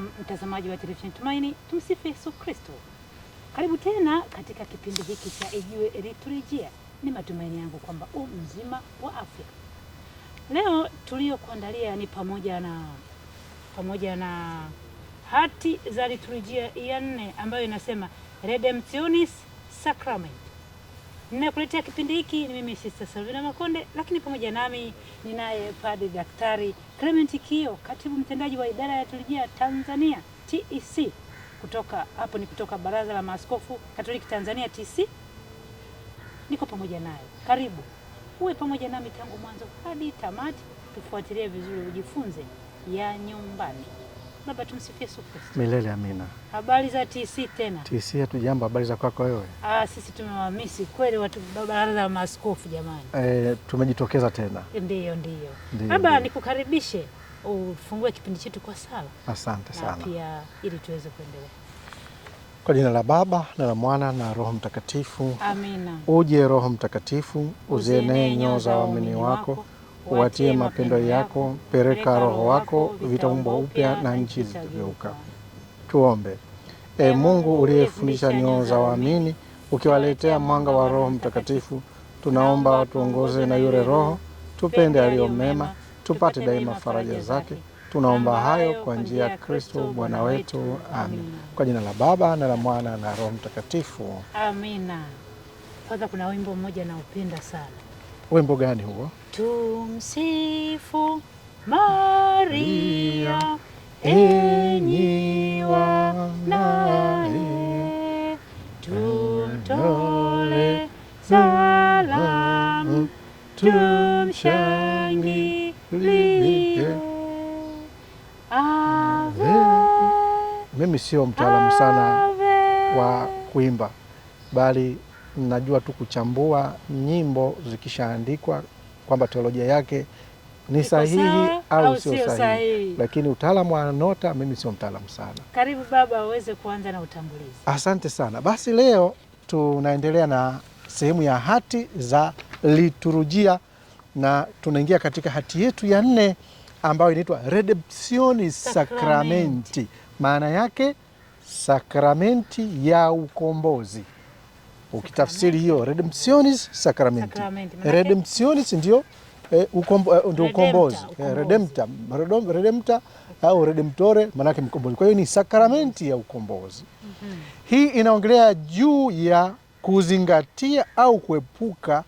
mtazamaji wa televisheni Tumaini, tumsifu Yesu Kristo. Karibu tena katika kipindi hiki cha Ijue Liturujia. Ni matumaini yangu kwamba u mzima wa afya. Leo tuliyokuandalia ni pamoja na pamoja na hati za liturujia ya nne ambayo inasema Redemptionis Sacrament Ninakuletea kipindi hiki ni mimi Sister Salvina Makonde, lakini pamoja nami ninaye Padre Daktari Clement Kio, katibu mtendaji wa idara ya liturujia Tanzania TEC, kutoka hapo ni kutoka Baraza la Maaskofu Katoliki Tanzania TEC. Niko pamoja naye, karibu uwe pamoja nami tangu mwanzo hadi tamati, tufuatilie vizuri, ujifunze ya nyumbani. Baba tumsifie Yesu Kristo. Milele amina. Habari za TC tena? TC hatujambo, habari za kwako wewe? Ah, sisi tumewamisi kweli watu baraza la maaskofu jamani. Eh, tumejitokeza tena. Ndiyo, ndiyo. Baba nikukaribishe ufungue kipindi chetu kwa sala. Asante sana. Na pia ili tuweze kuendelea. Kwa jina la Baba na la Mwana na Roho Mtakatifu. Amina. Uje Roho Mtakatifu, uzienee nyoyo za waamini wako, wako uwatie mapendo yako, pereka roho wako, vitaumbwa upya na nchi zitageuka. Tuombe. E Mungu uliyefundisha nyoyo za waamini ukiwaletea mwanga wa Roho Mtakatifu, tunaomba tuongoze na yule Roho tupende aliyo mema, tupate daima faraja zake. Tunaomba hayo kwa njia ya Kristo Bwana wetu, amin. Kwa jina la Baba na la Mwana na Roho Mtakatifu, amina. Kwanza kuna wimbo mmoja naupenda sana. Wimbo gani huo? Tumsifu Maria, enyi wanae, tumtole salamu, tumshangilie. Mimi sio mtaalamu sana wa kuimba, bali najua tu kuchambua nyimbo zikishaandikwa kwamba teolojia yake ni sahihi au sio sahihi, Lakini utaalamu wa NOTA mimi sio mtaalamu sana. Karibu baba uweze kuanza na utambulizi. Asante sana. Basi leo tunaendelea na sehemu ya hati za liturujia na tunaingia katika hati yetu ya nne ambayo inaitwa Redemptionis Sacramenti, maana yake sakramenti ya ukombozi. Ukitafsiri hiyo redemptionis sacramenti, redemptionis ndio eh, eh, ukombozi, redempta eh, redempta au redemptore, manake mkombozi. Kwa hiyo ni sakramenti ya ukombozi. Mm-hmm. Hii inaongelea juu ya kuzingatia au kuepuka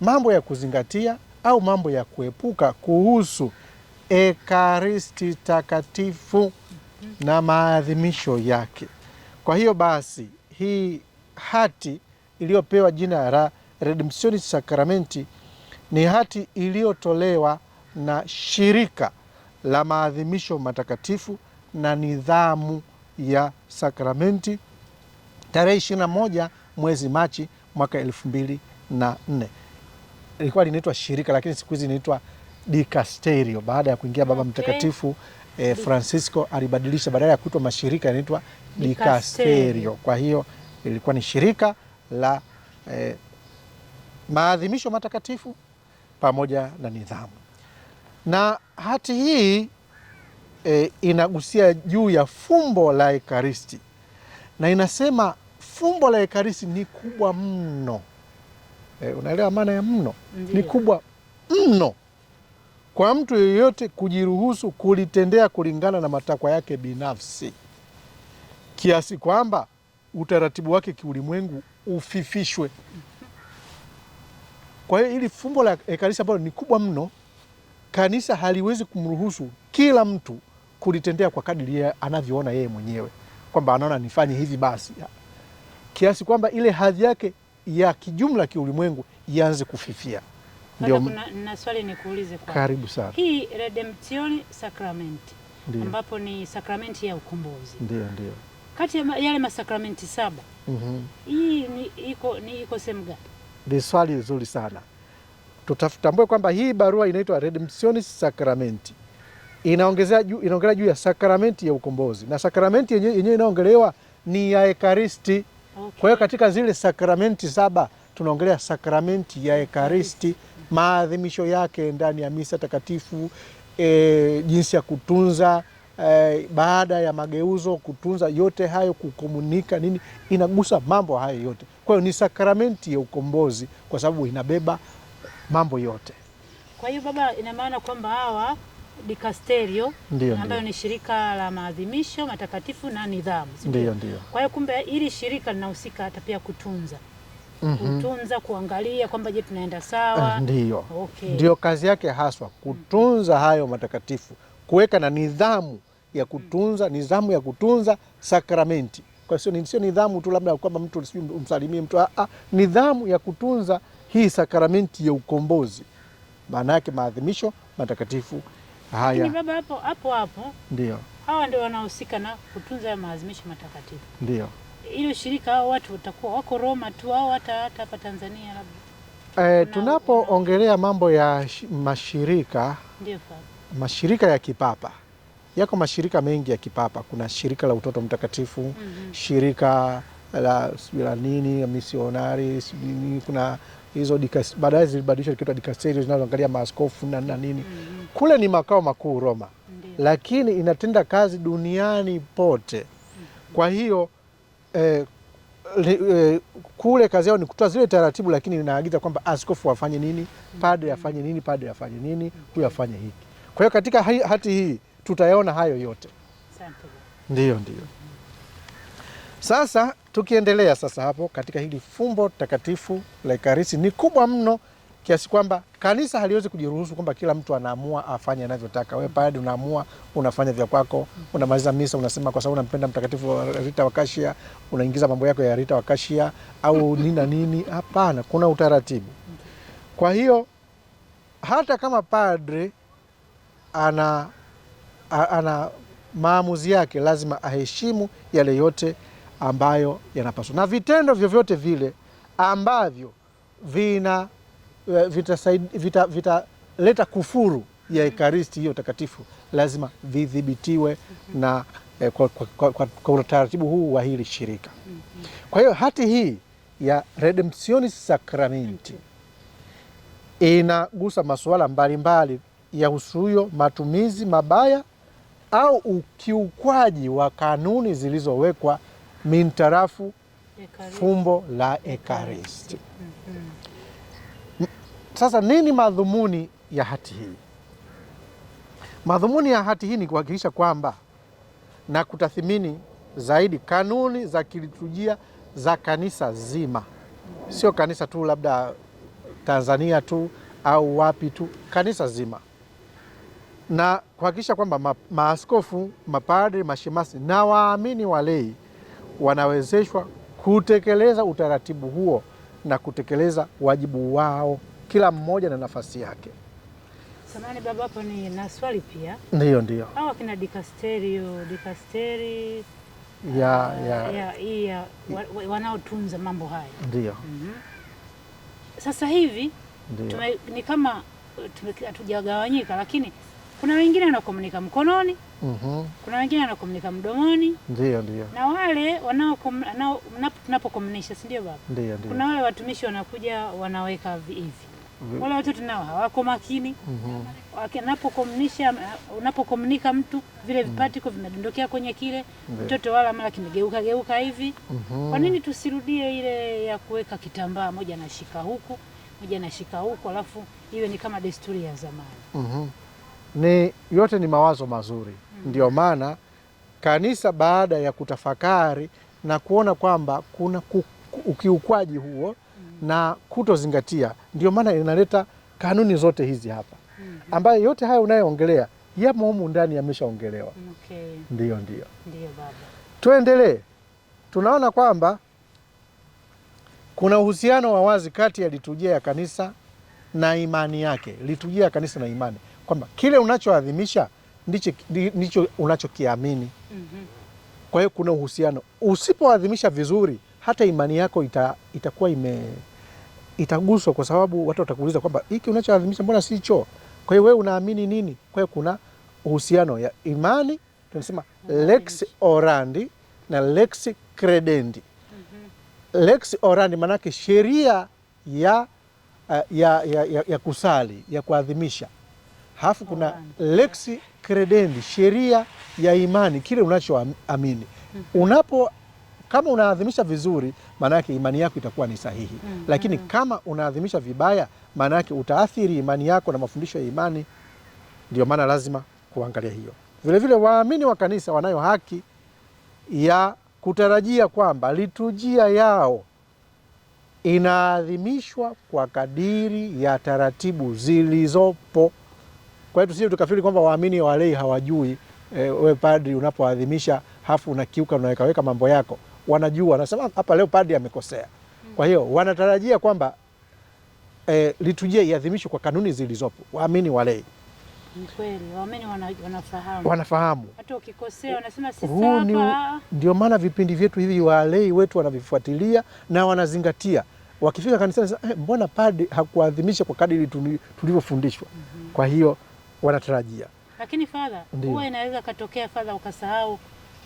mambo ya kuzingatia au mambo ya kuepuka kuhusu Ekaristi takatifu mm-hmm. na maadhimisho yake. Kwa hiyo basi hii hati iliyopewa jina la Redemption Sakramenti ni hati iliyotolewa na shirika la maadhimisho matakatifu na nidhamu ya sakramenti tarehe 21 mwezi Machi mwaka elfu mbili na nne. Ilikuwa linaitwa shirika, lakini siku hizi linaitwa dikasterio. Baada ya kuingia Baba okay. Mtakatifu eh, Francisco alibadilisha, badala ya kuitwa mashirika yanaitwa dikasterio. Kwa hiyo ilikuwa ni shirika la eh, maadhimisho matakatifu pamoja na nidhamu. Na hati hii eh, inagusia juu ya fumbo la Ekaristi na inasema fumbo la Ekaristi ni kubwa mno. Eh, unaelewa maana ya mno? Ndiyo. Ni kubwa mno kwa mtu yeyote kujiruhusu kulitendea kulingana na matakwa yake binafsi kiasi kwamba utaratibu wake kiulimwengu ufifishwe. Kwa hiyo hili fumbo la Ekaristi ambalo ni kubwa mno, kanisa haliwezi kumruhusu kila mtu kulitendea kwa kadiri anavyoona yeye mwenyewe kwamba anaona nifanye hivi basi, kiasi kwamba ile hadhi yake ya kijumla kiulimwengu ianze kufifia. Ndio, na swali kuulize kwa karibu sana, hii redemption sacrament ambapo ni sakramenti ya ukombozi, ndio ndio kati ya yale masakramenti saba mm -hmm. hii ni iko ni iko sehemu gani? Ni swali nzuri sana. Tutafutambue kwamba hii barua inaitwa Redemptionis Sacramenti, inaongezea juu inaongelea juu ya sakramenti ya ukombozi, na sakramenti yenyewe inaongelewa ni ya Ekaristi. Okay. Kwa hiyo katika zile sakramenti saba tunaongelea sakramenti ya Ekaristi, maadhimisho yake ndani ya misa takatifu, e, jinsi ya kutunza eh, baada ya mageuzo kutunza yote hayo kukomunika nini, inagusa mambo hayo yote. Kwa hiyo ni sakramenti ya ukombozi kwa sababu inabeba mambo yote. Kwa hiyo baba, ina maana kwamba hawa dikasterio ambayo ni shirika la maadhimisho matakatifu na nidhamu, ndio ndio. Kwa hiyo kumbe hili shirika linahusika hata pia kutunza mm -hmm. kutunza, kuangalia kwamba je, tunaenda sawa. Ndio, okay. Ndio kazi yake haswa kutunza hayo matakatifu kuweka na nidhamu ya kutunza mm. nidhamu ya kutunza sakramenti. Kwa hiyo sio nidhamu tu labda kwamba mtu sijui umsalimie mtu ah, ah, nidhamu ya kutunza hii sakramenti ya ukombozi, maana yake maadhimisho matakatifu haya. Baba, hapo hapo hapo ndio hawa ndio wanahusika na kutunza ya maadhimisho matakatifu, ndio hilo shirika. Hao watu watakuwa wako Roma tu au hata hata hapa Tanzania labda? Eh, tunapoongelea mambo ya mashirika ndio mashirika ya kipapa yako mashirika mengi ya kipapa. Kuna shirika la utoto mtakatifu mm -hmm. shirika la, la nini misionari nini, kuna hizo baadaye zilibadilishwa kitu dikasteri zinazoangalia maaskofu na, na nini mm -hmm. kule ni makao makuu Roma -hmm. lakini inatenda kazi duniani pote mm -hmm. kwa hiyo eh, eh, kule kazi yao ni kutoa zile taratibu, lakini inaagiza kwamba askofu afanye nini, padre mhm. afanye nini, padre afanye nini, huyu afanye hiki kwa hiyo katika hati hii tutayaona hayo yote, ndiyo ndiyo. Sasa tukiendelea sasa hapo katika hili fumbo takatifu la Ekaristi ni kubwa mno kiasi kwamba kanisa haliwezi kujiruhusu kwamba kila mtu anaamua afanye anavyotaka. Wewe padi unaamua unafanya vya kwako, unamaliza misa unasema kwa sababu unampenda mtakatifu Rita wa Kashia, unaingiza mambo yako ya Rita wa Kashia au nina nini? Hapana, kuna utaratibu. Kwa hiyo hata kama padre ana, ana maamuzi yake lazima aheshimu yale yote ambayo yanapaswa, na vitendo vyovyote vile ambavyo vina e, vitaleta vita, vita kufuru ya Ekaristi hiyo takatifu lazima vidhibitiwe na eh, kwa, kwa, kwa, kwa, kwa utaratibu huu wa hili shirika. Kwa hiyo hati hii ya Redemptionis Sacramenti inagusa masuala mbalimbali yahusuyo matumizi mabaya au ukiukwaji wa kanuni zilizowekwa mintarafu fumbo la Ekaristi. Mm-hmm. Sasa nini madhumuni ya hati hii? Madhumuni ya hati hii ni kuhakikisha kwamba na kutathimini zaidi kanuni za kiliturujia za kanisa zima, sio kanisa tu labda Tanzania tu au wapi tu, kanisa zima na kuhakikisha kwamba ma, maaskofu, mapadri, mashemasi na waamini walei wanawezeshwa kutekeleza utaratibu huo na kutekeleza wajibu wao, kila mmoja na nafasi yake. Samani baba, hapo ni na swali pia. Ndio, ndio hawa kina dikasterio dikasteri ya, ah, ya, ya, ya, wanaotunza mambo haya ndio. mm -hmm. Sasa hivi tume, ni kama hatujagawanyika lakini kuna wengine wanakomunika mkononi mm kuna wengine wanakomunika mdomoni, ndio ndio, na wale tunapokomunisha, si ndio baba? Ndio ndio, kuna wale watumishi wanakuja wanaweka hivi wale watoto nao hawako makini mm unapokomunika mtu vile mm. vipatiko vimedondokea kwenye kile mtoto, wala mara kimegeuka geuka hivi mm Kwa nini tusirudie ile ya kuweka kitambaa moja nashika huku moja nashika huku, alafu iwe ni kama desturi ya zamani mm ni yote ni mawazo mazuri mm. Ndiyo maana kanisa baada ya kutafakari na kuona kwamba kuna ukiukwaji huo mm. na kutozingatia, ndio maana inaleta kanuni zote hizi hapa mm -hmm. ambayo yote haya unayoongelea yamo humu ndani yameshaongelewa. okay. Ndiyo, ndio baba, tuendelee. Tunaona kwamba kuna uhusiano wa wazi kati ya liturujia ya kanisa na imani yake, liturujia ya kanisa na imani kwamba kile unachoadhimisha ndicho, ndicho unachokiamini. Mhm. Kwa hiyo kuna uhusiano. Usipoadhimisha vizuri, hata imani yako ita, itakuwa ime itaguswa, kwa sababu watu watakuuliza kwamba hiki unachoadhimisha mbona sicho? Kwa hiyo wewe unaamini nini? Kwa hiyo kuna uhusiano ya imani tunasema lex orandi na lex credendi. Mhm. Lex orandi maanake sheria ya, eh, ya, ya, ya, ya kusali ya kuadhimisha Halafu kuna lex credendi, sheria ya imani, kile unachoamini. Unapo kama unaadhimisha vizuri, maana yake imani yako itakuwa ni sahihi mm. Lakini kama unaadhimisha vibaya, maana yake utaathiri imani yako na mafundisho ya imani. Ndio maana lazima kuangalia hiyo. Vilevile waamini wa kanisa wanayo haki ya kutarajia kwamba liturujia yao inaadhimishwa kwa kadiri ya taratibu zilizopo. Kwa hiyo tusije tukafikiri kwamba waamini walei hawajui e, eh, we padri unapoadhimisha hafu unakiuka unawekaweka mambo yako, wanajua, nasema hapa leo padri amekosea. Hmm. Kwa hiyo wanatarajia kwamba e, eh, liturujia iadhimishwe kwa kanuni zilizopo. Waamini walei wana, wanafahamu, wanafahamu. ni, Ndio maana vipindi vyetu hivi walei wetu wanavifuatilia na wanazingatia, wakifika kanisani eh, mbona padri hakuadhimisha kwa kadiri tulivyofundishwa? mm -hmm. kwa hiyo wanatarajia. Lakini fadha huwa inaweza katokea fadha, ukasahau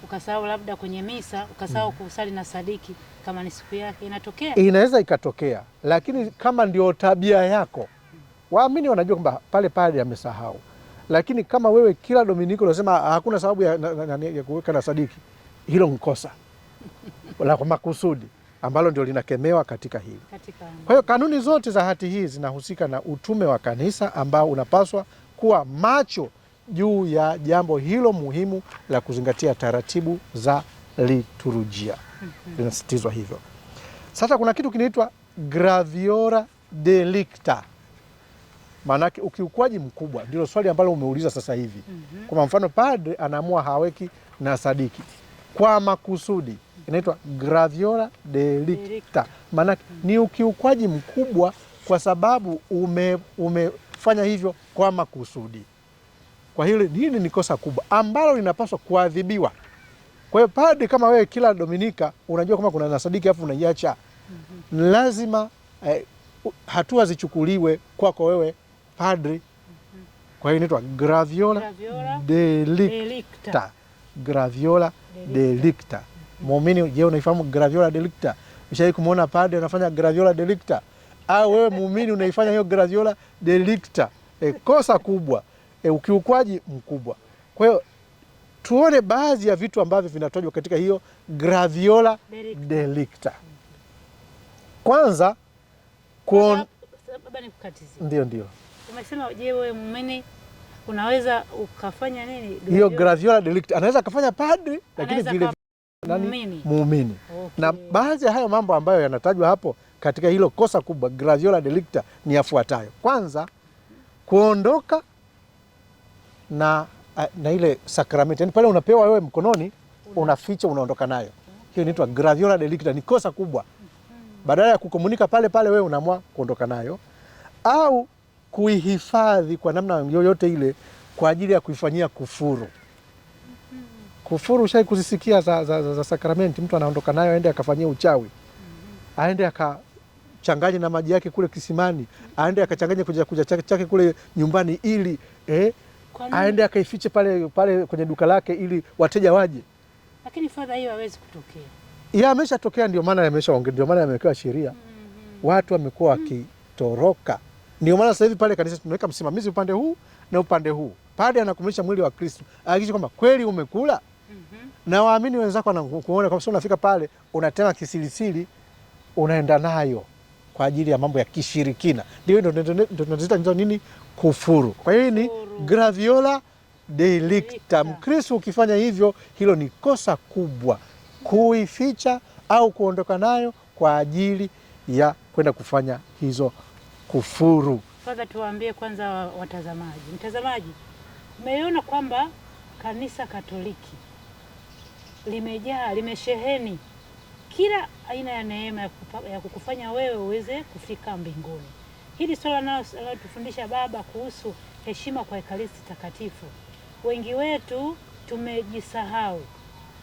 ukasahau labda kwenye misa ukasahau mm. kusali na sadiki kama ni siku yake, inatokea inaweza ikatokea, lakini kama ndio tabia yako waamini wanajua kwamba pale pale amesahau, lakini kama wewe kila Dominiko unasema ah, hakuna sababu ya, ya kuweka na sadiki, hilo nkosa la makusudi ambalo ndio linakemewa katika hili. Kwa hiyo kanuni zote za hati hii zinahusika na utume wa kanisa ambao unapaswa kuwa macho juu ya jambo hilo muhimu la kuzingatia taratibu za liturujia, mhm. linasisitizwa hivyo. Sasa kuna kitu kinaitwa graviora delicta, maanake ukiukwaji mkubwa, ndilo swali ambalo umeuliza sasa hivi. Mhm. Kwa mfano, padre anaamua haweki na sadiki kwa makusudi, inaitwa graviora delicta, maanake ni ukiukwaji mkubwa kwa sababu ume, ume, kufanya hivyo kwa makusudi. Kwa hili hili ni kosa kubwa ambalo linapaswa kuadhibiwa. Kwa hiyo padri kama wewe kila Dominika unajua kama kuna nasadiki afu unaiacha, mm -hmm. lazima eh, hatua zichukuliwe kwako kwa wewe padri. mm -hmm. Kwa hiyo inaitwa graviola, graviola delicta, delicta. Graviola delicta, delicta. Muumini, je, unaifahamu graviola delicta? Ushawahi kumwona padri anafanya graviola delicta? au ah, wewe muumini unaifanya hiyo gradiola delicta e, eh, kosa kubwa e, ukiukwaji mkubwa. Kwa hiyo tuone baadhi ya vitu ambavyo vinatajwa katika hiyo graviola delicta. Kwanza kuon... ndio ndio umesema. Je, wewe muumini unaweza ukafanya nini? Hiyo graviola delicta anaweza akafanya padri, lakini vile muumini, muumini. Okay. Na baadhi ya hayo mambo ambayo yanatajwa hapo katika hilo kosa kubwa Graziola delicta ni yafuatayo: kwanza, kuondoka na, eh, na ile sakramenti, yani pale unapewa wewe mkononi unaficha unaondoka nayo, hiyo inaitwa graviola delicta, ni kosa kubwa. Badala ya kukomunika pale pale, wewe unaamua kuondoka nayo au kuihifadhi kwa namna yoyote ile kwa ajili ya kuifanyia kufuru. Kufuru ushai kuzisikia za, za, za, za sakramenti, mtu anaondoka nayo aende akafanyia uchawi, aende aka changanye na maji yake kule kisimani, aende akachanganya kuja kuja chake chake kule nyumbani, ili eh, aende akaifiche pale pale kwenye duka lake ili wateja waje. Lakini fadha hiyo hawezi kutokea. Ya ameshatokea, ndio maana yamesha ongea, ndio maana yamewekewa sheria. mm -hmm. Watu wamekuwa mm. wakitoroka. mm -hmm. Ndio maana sasa hivi pale kanisa tunaweka msimamizi upande huu na upande huu, pale anakumlisha mwili wa Kristo, hakikisha kwamba kweli umekula mm-hmm. na waamini wenzako wanakuona, kwa sababu unafika pale unatema kisilisili unaenda nayo kwa ajili ya mambo ya kishirikina, ndio ndio tunaziita nini? Kufuru. Kwa hiyo ni graviola delicta. Mkristo ukifanya hivyo, hilo ni kosa kubwa, kuificha au kuondoka nayo kwa ajili ya kwenda kufanya hizo kufuru. Fadha, tuwaambie kwanza watazamaji, mtazamaji, umeona kwamba kanisa Katoliki limejaa limesheheni kila aina ya neema ya kukufanya wewe uweze kufika mbinguni. Hili swala linalotufundisha Baba kuhusu heshima kwa Ekaristi Takatifu. Wengi wetu tumejisahau.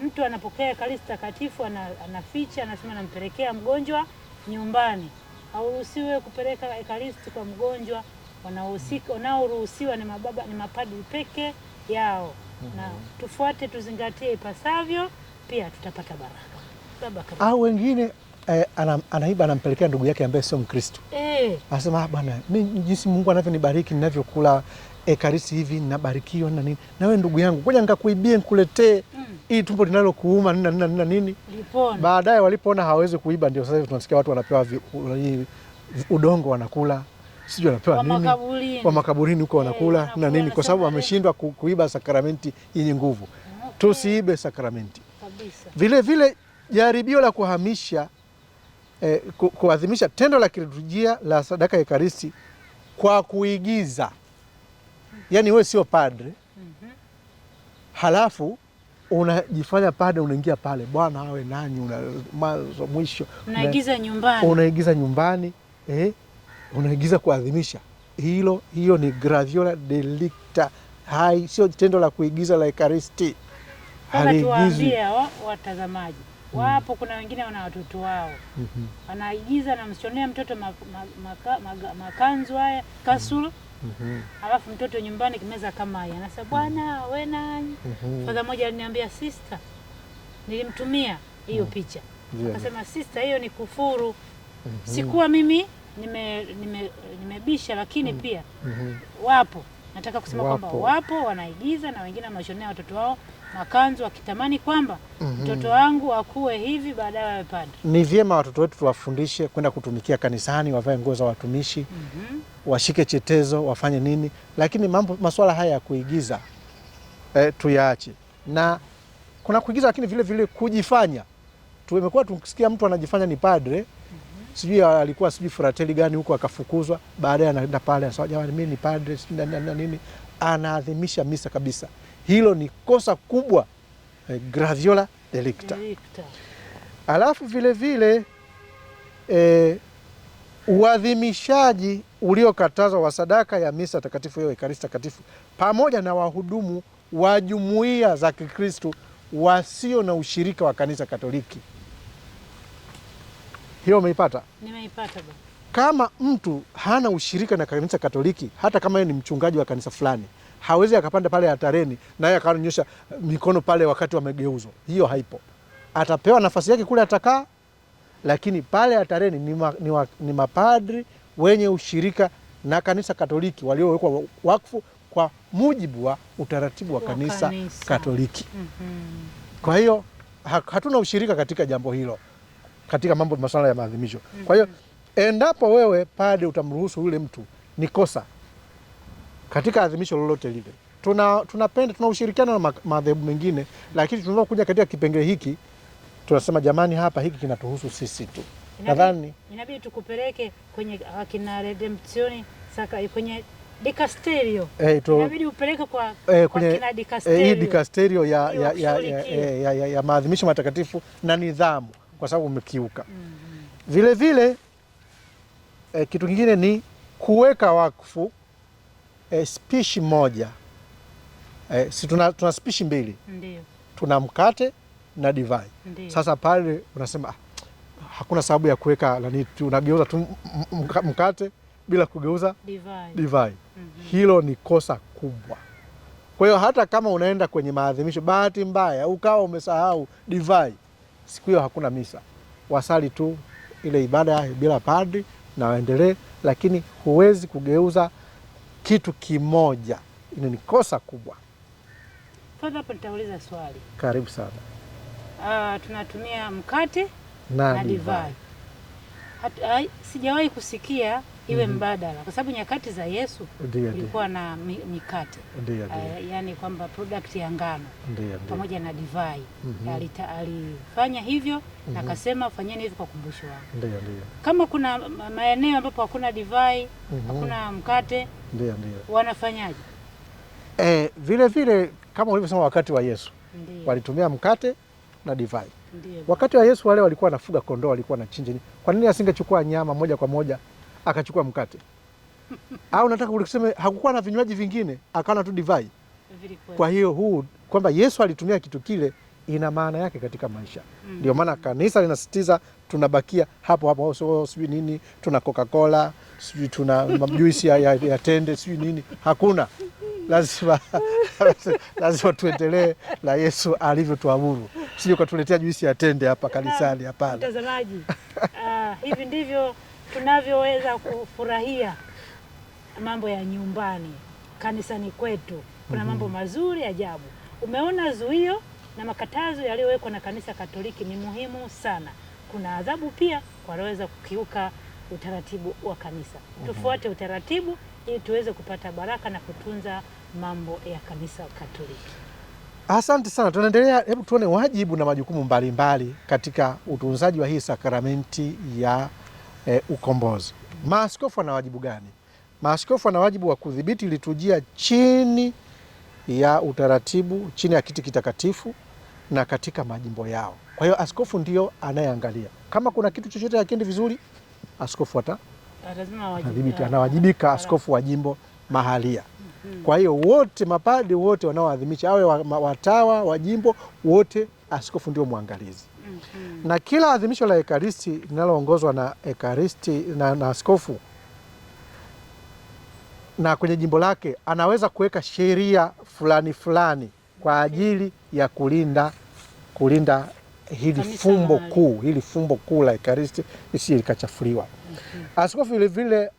Mtu anapokea Ekaristi Takatifu anaficha, anasema nampelekea mgonjwa nyumbani. Hauruhusiwe kupeleka Ekaristi kwa mgonjwa. Wanaoruhusiwa ni mababa, ni mapadri peke yao. Na mhm. tufuate, tuzingatie ipasavyo, pia tutapata baraka au wengine eh, anam, anaiba anampelekea ndugu yake ambaye sio Mkristo eh. Anasema ah, bwana, mi jinsi Mungu anavyonibariki ninavyokula ekaristi hivi nabarikiwa na nini, na wewe ndugu yangu, ngoja nikakuibie nikuletee mm. hii tumbo linalokuuma nini nina nina nini. Baadaye walipoona hawawezi kuiba, ndio sasa tunasikia watu wanapewa udongo wanakula sijui wanapewa nini kwa makaburini huko eh, wanakula na nini, kwa sababu wameshindwa kuiba sakramenti yenye nguvu. Tusiibe sakramenti kabisa. Vile vile jaribio la kuhamisha eh, kuadhimisha tendo la kiliturujia la sadaka ya Ekaristi kwa kuigiza, yaani wewe sio padre halafu unajifanya padre, unaingia pale, Bwana awe nani una mwanzo mwisho, unaigiza nyumbani, unaigiza nyumbani eh, unaigiza kuadhimisha hilo. Hiyo ni graviola delicta hai, sio tendo la kuigiza la Ekaristi. Haliigizwi. Tuwaambie watazamaji Wapo, kuna wengine wana watoto wao mhm. wanaigiza, namshonea mtoto makanzu haya kasulu mhm. alafu mtoto nyumbani kimeza kama haya, anasema bwana mhm. we nani. Fadha moja aliniambia sister, nilimtumia hiyo picha akasema, sister, hiyo ni kufuru. Sikuwa mimi nimebisha, lakini pia wapo, nataka kusema kwamba wapo, wapo wanaigiza na wengine wanashonea watoto wao makanzu akitamani kwamba mhm. mtoto mm -hmm. wangu akuwe hivi baadaye awe padri. Ni vyema watoto wetu tuwafundishe kwenda kutumikia kanisani, wavae nguo za watumishi mm -hmm. washike chetezo, wafanye nini, lakini mambo masuala haya ya kuigiza eh, tuyaache. Na kuna kuigiza, lakini vile vile kujifanya. Tumekuwa tukisikia mtu anajifanya ni padre mm -hmm. sijui alikuwa sijui frateli gani huko akafukuzwa, baadaye anaenda pale anasema jamani, mimi ni padre nini, anaadhimisha misa kabisa. Hilo ni kosa kubwa eh, graviola delicta. Alafu vile vile eh, uadhimishaji uliokatazwa wa sadaka ya misa takatifu hiyo ekaristi takatifu, pamoja na wahudumu wa jumuiya za Kikristo wasio na ushirika wa kanisa Katoliki. Hiyo umeipata? Nimeipata baba. Kama mtu hana ushirika na kanisa Katoliki, hata kama yeye ni mchungaji wa kanisa fulani, hawezi akapanda pale hatareni na yeye eh, mikono pale wakati wa mageuzo. Hiyo haipo. Atapewa nafasi yake kule, atakaa, lakini pale hatareni ni, ma, ni, wa, ni mapadri wenye ushirika na kanisa Katoliki waliowekwa wakfu kwa mujibu wa utaratibu wa kanisa, kanisa Katoliki. mm -hmm. Kwa hiyo hatuna ushirika katika jambo hilo, katika mambo masuala ya maadhimisho. Kwa hiyo mhm. Endapo wewe pade utamruhusu yule mtu, ni kosa katika adhimisho lolote lile. Tuna tunapenda tuna ushirikiano na madhehebu mengine, lakini tunaweza kuja katika kipengele hiki tunasema jamani, hapa hiki kinatuhusu sisi tu. Nadhani inabidi tukupeleke kwenye akina ah, Redemption saka eh, kwenye dikasterio eh, to, inabidi upeleke kwa, eh, kwenye kina eh, dikasterio eh, dikasterio ya ya, ya, ya, ya, ya, ya, ya maadhimisho matakatifu na nidhamu, kwa sababu umekiuka. mm -hmm. Vile vile E, kitu kingine ni kuweka wakfu e, spishi moja e, si tuna, tuna spishi mbili. Ndiyo. Tuna mkate na divai. Ndiyo. Sasa pale unasema ah, hakuna sababu ya kuweka nani, unageuza tu mkate bila kugeuza divai, divai. Mm -hmm. Hilo ni kosa kubwa. Kwa hiyo hata kama unaenda kwenye maadhimisho, bahati mbaya ukawa umesahau divai, siku hiyo hakuna misa, wasali tu ile ibada bila padri na waendelee, lakini huwezi kugeuza kitu kimoja. Hili ni kosa kubwa. Fadha, nitauliza swali. Karibu sana. Uh, tunatumia mkate na, na divai. Sijawahi kusikia iwe mhm. mbadala, kwa sababu nyakati za Yesu kulikuwa na mikate uh, yani kwamba product ya ngano pamoja na divai mm -hmm. alifanya hivyo mm -hmm. na mhm. akasema fanyeni hivyo kwa kumbusho wangu. Kama kuna maeneo ambapo hakuna divai mm -hmm. hakuna mkate ndio, ndio. wanafanyaje? Eh, vile vile kama ulivyosema wakati wa Yesu ndiyo. walitumia mkate na divai ndiyo. wakati wa Yesu wale walikuwa wanafuga kondoo, walikuwa na chinjini, kwa nini asingechukua nyama moja kwa moja akachukua mkate au nataka ulikuseme, hakukuwa na vinywaji vingine, akana tu divai. Kwa hiyo huu kwamba Yesu alitumia kitu kile ina maana yake katika maisha mm. ndio. mm -hmm. Maana kanisa linasisitiza tunabakia hapo hapo, oh, so oh, sijui nini, tuna Coca-Cola sijui tuna majuisi ya, ya, ya tende sijui nini, hakuna lazima lazima tuendelee la Yesu alivyotuamuru, sijui ukatuletea juisi ya tende hapa kanisani. Hapana mtazamaji, uh, hivi ndivyo tunavyoweza kufurahia mambo ya nyumbani kanisani kwetu. Kuna mambo mhm. mazuri ajabu. Umeona zuio na makatazo yaliyowekwa na kanisa Katoliki ni muhimu sana. Kuna adhabu pia kwa wanaoweza kukiuka utaratibu wa kanisa. Mhm. Tufuate utaratibu ili tuweze kupata baraka na kutunza mambo ya kanisa Katoliki. Asante sana, tunaendelea. Hebu tuone wajibu na majukumu mbalimbali mbali katika utunzaji wa hii sakramenti ya e, ukombozi. Maaskofu wana wajibu gani? Maaskofu wana wajibu wa kudhibiti liturujia chini ya utaratibu, chini ya kiti kitakatifu na katika majimbo yao. Kwa hiyo askofu ndio anayeangalia kama kuna kitu chochote hakiendi vizuri, askofu ata anawajibika, askofu wa jimbo mahalia. Mm-hmm. Kwa hiyo wote mapadri wote wanaoadhimisha, awe watawa wa jimbo, wote askofu ndio mwangalizi. -hmm. na kila adhimisho la Ekaristi linaloongozwa na Ekaristi na, na askofu na kwenye jimbo lake anaweza kuweka sheria fulani fulani kwa ajili ya kulinda kulinda hili fumbo kuu hili fumbo kuu la Ekaristi lisije likachafuliwa. Mhm. Askofu vilevile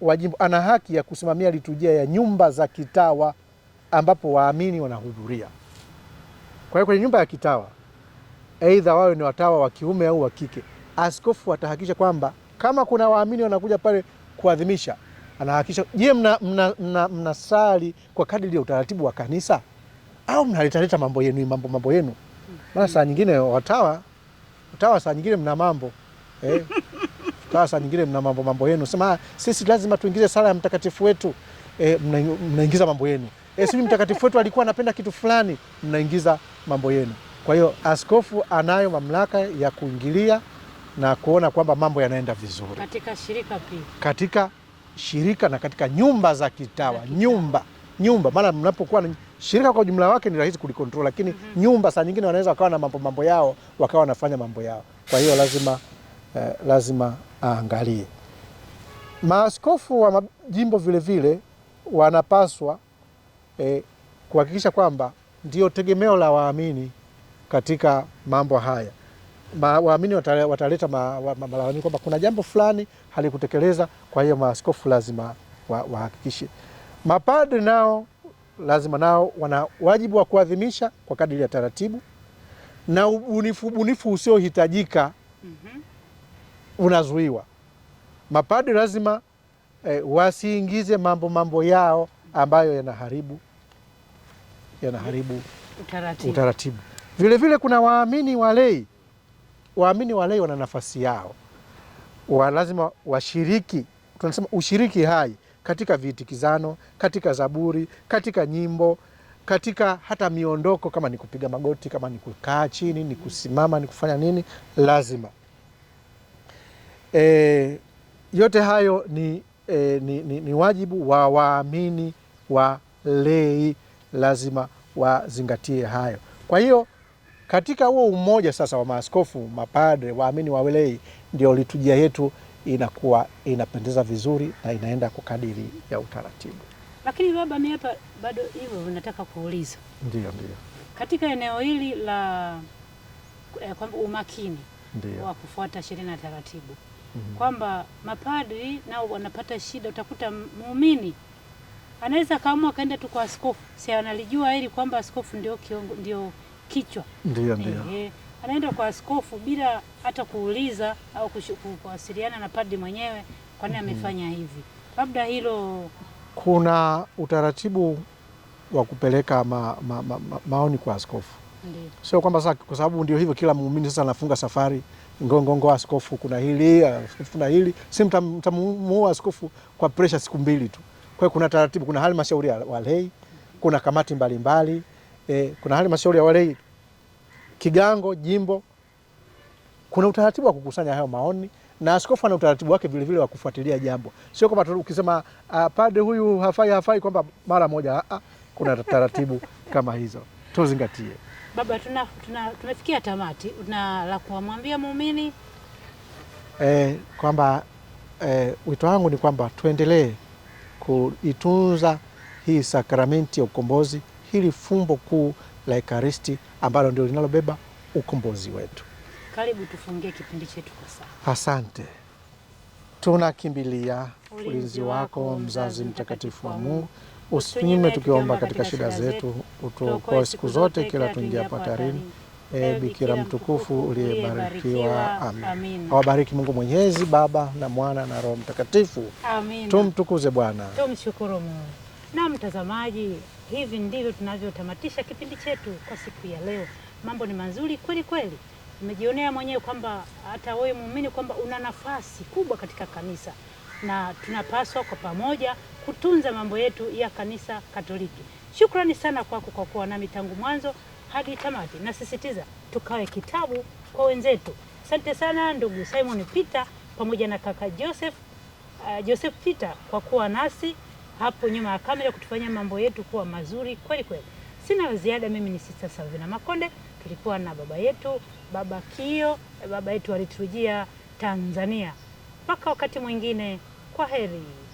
wa jimbo ana haki ya kusimamia liturujia ya nyumba za kitawa ambapo waamini wanahudhuria. Kwa hiyo kwenye nyumba ya kitawa aidha wawe ni watawa wa kiume au wa kike, askofu atahakikisha kwamba kama kuna waamini wanakuja pale kuadhimisha, anahakikisha je, mnasali mna, mna, mna kwa kadiri ya utaratibu wa kanisa au mnaletaleta mambo yenu mambo mambo yenu? Maana saa nyingine watawa watawa saa nyingine mna mambo eh? watawa saa nyingine mna mambo mambo yenu, sema sisi lazima tuingize sala ya mtakatifu wetu e, mnaingiza mna mambo yenu e, sijui mtakatifu wetu alikuwa anapenda kitu fulani, mnaingiza mambo yenu. Kwa hiyo askofu anayo mamlaka ya kuingilia na kuona kwamba mambo yanaenda vizuri katika shirika pia, katika shirika na katika nyumba za kitawa, kitawa. Nyumba nyumba, maana mnapokuwa na shirika kwa ujumla wake ni rahisi kulikontrol, lakini mm -hmm. nyumba saa nyingine wanaweza wakawa na mambo mambo yao wakawa wanafanya mambo yao. Kwa hiyo lazima eh, lazima aangalie maaskofu wa majimbo vilevile wanapaswa eh, kuhakikisha kwamba ndio tegemeo la waamini katika mambo haya. Ma, waamini wataleta malalamiko kwamba kuna jambo fulani halikutekeleza, kwa hiyo maaskofu lazima wahakikishe. Wa mapadri nao lazima nao wana wajibu wa kuadhimisha kwa kadiri ya taratibu na ubunifu, ubunifu usiohitajika mm -hmm. unazuiwa. Mapadri lazima eh, wasiingize mambo mambo yao ambayo yanaharibu yanaharibu utaratibu, utaratibu. Vilevile kuna waamini walei. Waamini walei wana nafasi yao, wa lazima washiriki, tunasema ushiriki hai katika viitikizano, katika zaburi, katika nyimbo, katika hata miondoko, kama ni kupiga magoti, kama ni kukaa chini, ni kusimama, ni kufanya nini, lazima e, yote hayo ni, e, ni, ni, ni wajibu wa waamini walei, lazima wazingatie hayo. Kwa hiyo katika huo umoja sasa wa maaskofu, mapadre, waamini wa ndio litujia yetu inakuwa inapendeza vizuri na inaenda kwa kadiri ya utaratibu. Lakini baba, mimi hapa bado hivyo nataka kuuliza, ndio ndio, katika eneo hili la eh, kwamba umakini ndio wa kufuata sheria na taratibu mm -hmm. kwamba mapadri nao wanapata shida. Utakuta muumini anaweza akaamua akaenda tu kwa askofu, si analijua hili kwamba askofu ndio kiongo, ndio kichwa. Ndio, ndio. E, anaenda kwa askofu bila hata kuuliza au kuwasiliana na padri mwenyewe, kwa nini mm-hmm. amefanya mm -hmm. hivi. Labda hilo kuna utaratibu wa kupeleka ma, ma, ma, ma, maoni kwa askofu. Sio kwamba kwa sababu ndio hivyo, kila muumini sasa anafunga safari ngongongo, askofu kuna hili, askofu na hili, si mtamuua askofu kwa presha siku mbili tu. Kwa hiyo kuna taratibu, kuna halmashauri ya walei, kuna kamati mbalimbali mbali, e, kuna halmashauri ya Walei Kigango jimbo, kuna utaratibu wa kukusanya hayo maoni na askofu ana utaratibu wake vilevile wa kufuatilia jambo, sio kwamba ukisema uh, padre huyu hafai hafai kwamba mara moja uh, kuna taratibu kama hizo tuzingatie. Baba, tuna, tuna, tumefikia tamati, na la kuwamwambia muumini e, kwamba e, wito wangu ni kwamba tuendelee kuitunza hii sakramenti ya ukombozi hili fumbo kuu la Ekaristi ambalo ndio linalobeba ukombozi wetu. Karibu tufungie kipindi chetu kwa sasa. Asante. Tunakimbilia ulinzi wako, mzazi mtakatifu wa Mungu, usitunyime tukiomba katika shida zetu, utuokoe siku zote kila tuingia patarini. E ee Bikira mtukufu uliyebarikiwa, amin. Awabariki Mungu Mwenyezi, Baba na Mwana na Roho Mtakatifu. Amin. Tumtukuze Bwana, tumshukuru Mungu. Na mtazamaji Hivi ndivyo tunavyotamatisha kipindi chetu kwa siku ya leo. Mambo ni mazuri kweli kweli, umejionea mwenyewe kwamba hata wewe muumini kwamba una nafasi kubwa katika kanisa, na tunapaswa kwa pamoja kutunza mambo yetu ya kanisa Katoliki. Shukrani sana kwako kwa kuwa nami tangu mwanzo hadi tamati. Nasisitiza tukawe kitabu kwa wenzetu. Asante sana ndugu Simon Peter pamoja na kaka Joseph, uh, Joseph Peter kwa kuwa nasi hapo nyuma ya kamera kutufanya mambo yetu kuwa mazuri kweli kweli. Sina ziada, mimi ni Sister Savina Makonde. Tulikuwa na baba yetu baba Kio, baba yetu aliturujia Tanzania. Mpaka wakati mwingine, kwa heri.